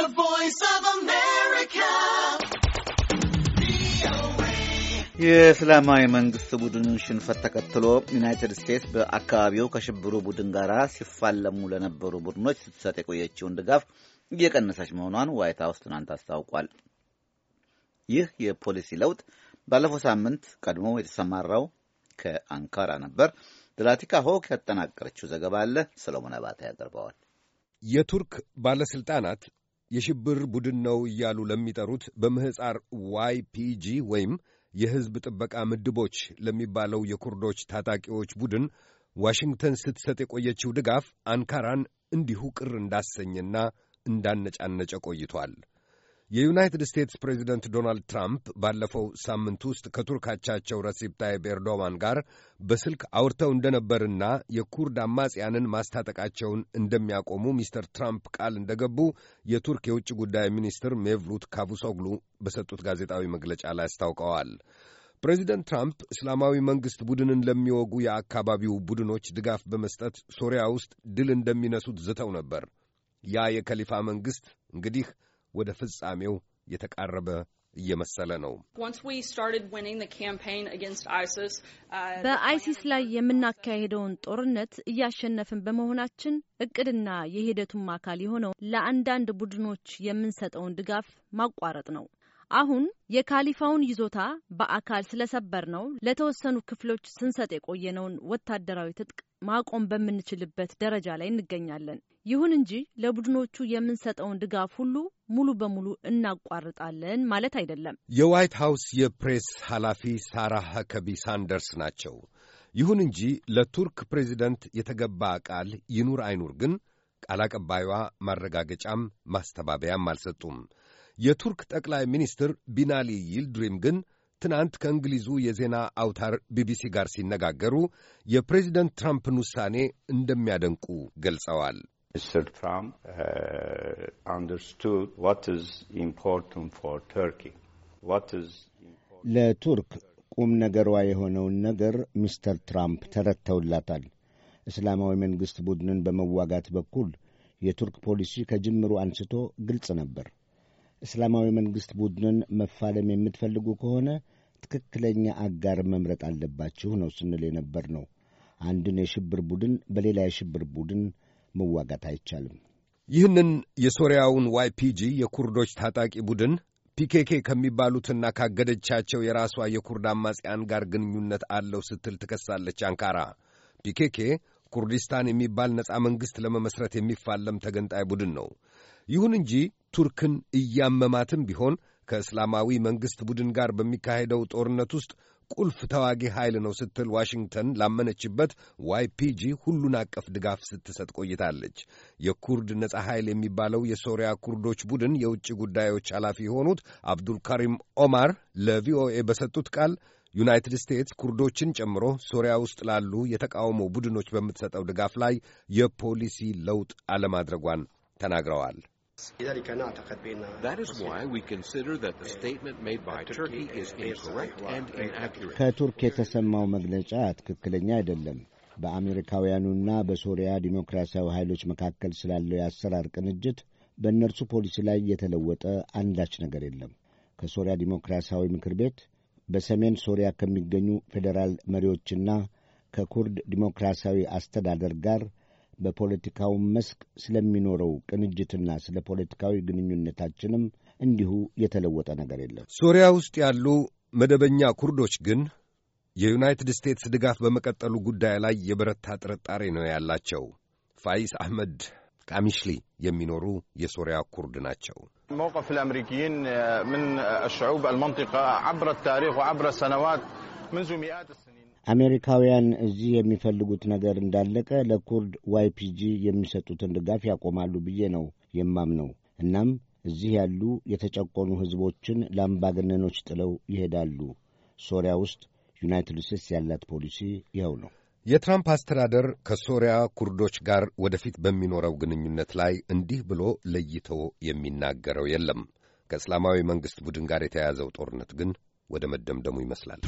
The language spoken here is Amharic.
The Voice of America. የእስላማዊ መንግስት ቡድን ሽንፈት ተከትሎ ዩናይትድ ስቴትስ በአካባቢው ከሽብሩ ቡድን ጋር ሲፋለሙ ለነበሩ ቡድኖች ስትሰጥ የቆየችውን ድጋፍ እየቀነሰች መሆኗን ዋይት ሀውስ ትናንት አስታውቋል። ይህ የፖሊሲ ለውጥ ባለፈው ሳምንት ቀድሞ የተሰማራው ከአንካራ ነበር። ድላቲካ ሆክ ያጠናቀረችው ዘገባ አለ። ሰሎሞን አባተ ያቀርበዋል። የቱርክ ባለስልጣናት። የሽብር ቡድን ነው እያሉ ለሚጠሩት በምህፃር ዋይፒጂ ወይም የሕዝብ ጥበቃ ምድቦች ለሚባለው የኩርዶች ታጣቂዎች ቡድን ዋሽንግተን ስትሰጥ የቆየችው ድጋፍ አንካራን እንዲሁ ቅር እንዳሰኘና እንዳነጫነጨ ቆይቷል። የዩናይትድ ስቴትስ ፕሬዚደንት ዶናልድ ትራምፕ ባለፈው ሳምንት ውስጥ ከቱርካቻቸው አቻቸው ረሲፕ ታይፕ ኤርዶዋን ጋር በስልክ አውርተው እንደነበርና የኩርድ አማጽያንን ማስታጠቃቸውን እንደሚያቆሙ ሚስተር ትራምፕ ቃል እንደገቡ የቱርክ የውጭ ጉዳይ ሚኒስትር ሜቭሉት ካቡሶግሉ በሰጡት ጋዜጣዊ መግለጫ ላይ አስታውቀዋል። ፕሬዚደንት ትራምፕ እስላማዊ መንግሥት ቡድንን ለሚወጉ የአካባቢው ቡድኖች ድጋፍ በመስጠት ሶሪያ ውስጥ ድል እንደሚነሱት ዝተው ነበር። ያ የከሊፋ መንግሥት እንግዲህ ወደ ፍጻሜው የተቃረበ እየመሰለ ነው። uh, በአይሲስ ላይ የምናካሄደውን ጦርነት እያሸነፍን በመሆናችን እቅድና የሂደቱም አካል የሆነው ለአንዳንድ ቡድኖች የምንሰጠውን ድጋፍ ማቋረጥ ነው። አሁን የካሊፋውን ይዞታ በአካል ስለሰበር ነው ለተወሰኑ ክፍሎች ስንሰጥ የቆየነውን ወታደራዊ ትጥቅ ማቆም በምንችልበት ደረጃ ላይ እንገኛለን። ይሁን እንጂ ለቡድኖቹ የምንሰጠውን ድጋፍ ሁሉ ሙሉ በሙሉ እናቋርጣለን ማለት አይደለም። የዋይት ሀውስ የፕሬስ ኃላፊ ሳራ ሀከቢ ሳንደርስ ናቸው። ይሁን እንጂ ለቱርክ ፕሬዚደንት የተገባ ቃል ይኑር አይኑር ግን ቃል አቀባዩዋ ማረጋገጫም ማስተባበያም አልሰጡም። የቱርክ ጠቅላይ ሚኒስትር ቢናሊ ይልድሪም ግን ትናንት ከእንግሊዙ የዜና አውታር ቢቢሲ ጋር ሲነጋገሩ የፕሬዚደንት ትራምፕን ውሳኔ እንደሚያደንቁ ገልጸዋል። ሚስተር ትራምፕ አንደርስቱድ ዋት ኢዝ ኢምፖርታንት ፎር ቱርኪ ለቱርክ ቁም ነገሯ የሆነውን ነገር ሚስተር ትራምፕ ተረድተውላታል። እስላማዊ መንግሥት ቡድንን በመዋጋት በኩል የቱርክ ፖሊሲ ከጅምሩ አንስቶ ግልጽ ነበር። እስላማዊ መንግሥት ቡድንን መፋለም የምትፈልጉ ከሆነ ትክክለኛ አጋር መምረጥ አለባችሁ ነው ስንል የነበር ነው። አንድን የሽብር ቡድን በሌላ የሽብር ቡድን መዋጋት አይቻልም። ይህንን የሶሪያውን ዋይፒጂ የኩርዶች ታጣቂ ቡድን ፒኬኬ ከሚባሉትና ካገደቻቸው የራሷ የኩርድ አማጽያን ጋር ግንኙነት አለው ስትል ትከሳለች አንካራ። ፒኬኬ ኩርዲስታን የሚባል ነፃ መንግሥት ለመመሥረት የሚፋለም ተገንጣይ ቡድን ነው። ይሁን እንጂ ቱርክን እያመማትም ቢሆን ከእስላማዊ መንግሥት ቡድን ጋር በሚካሄደው ጦርነት ውስጥ ቁልፍ ተዋጊ ኃይል ነው ስትል ዋሽንግተን ላመነችበት ዋይፒጂ ሁሉን አቀፍ ድጋፍ ስትሰጥ ቆይታለች። የኩርድ ነጻ ኃይል የሚባለው የሶሪያ ኩርዶች ቡድን የውጭ ጉዳዮች ኃላፊ የሆኑት አብዱልካሪም ኦማር ለቪኦኤ በሰጡት ቃል ዩናይትድ ስቴትስ ኩርዶችን ጨምሮ ሶሪያ ውስጥ ላሉ የተቃውሞ ቡድኖች በምትሰጠው ድጋፍ ላይ የፖሊሲ ለውጥ አለማድረጓን ተናግረዋል። ከቱርክ የተሰማው መግለጫ ትክክለኛ አይደለም። በአሜሪካውያኑና በሶሪያ ዲሞክራሲያዊ ኃይሎች መካከል ስላለው የአሰራር ቅንጅት በእነርሱ ፖሊሲ ላይ የተለወጠ አንዳች ነገር የለም። ከሶሪያ ዲሞክራሲያዊ ምክር ቤት በሰሜን ሶሪያ ከሚገኙ ፌዴራል መሪዎችና ከኩርድ ዲሞክራሲያዊ አስተዳደር ጋር በፖለቲካው መስክ ስለሚኖረው ቅንጅትና ስለ ፖለቲካዊ ግንኙነታችንም እንዲሁ የተለወጠ ነገር የለም። ሶሪያ ውስጥ ያሉ መደበኛ ኩርዶች ግን የዩናይትድ ስቴትስ ድጋፍ በመቀጠሉ ጉዳይ ላይ የበረታ ጥርጣሬ ነው ያላቸው። ፋይስ አህመድ ካሚሽሊ የሚኖሩ የሶሪያ ኩርድ ናቸው። አሜሪካውያን እዚህ የሚፈልጉት ነገር እንዳለቀ ለኩርድ ዋይፒጂ የሚሰጡትን ድጋፍ ያቆማሉ ብዬ ነው የማምነው። እናም እዚህ ያሉ የተጨቆኑ ሕዝቦችን ለአምባገነኖች ጥለው ይሄዳሉ። ሶሪያ ውስጥ ዩናይትድ ስቴትስ ያላት ፖሊሲ ይኸው ነው። የትራምፕ አስተዳደር ከሶሪያ ኩርዶች ጋር ወደፊት በሚኖረው ግንኙነት ላይ እንዲህ ብሎ ለይቶ የሚናገረው የለም። ከእስላማዊ መንግሥት ቡድን ጋር የተያያዘው ጦርነት ግን ወደ መደምደሙ ይመስላል።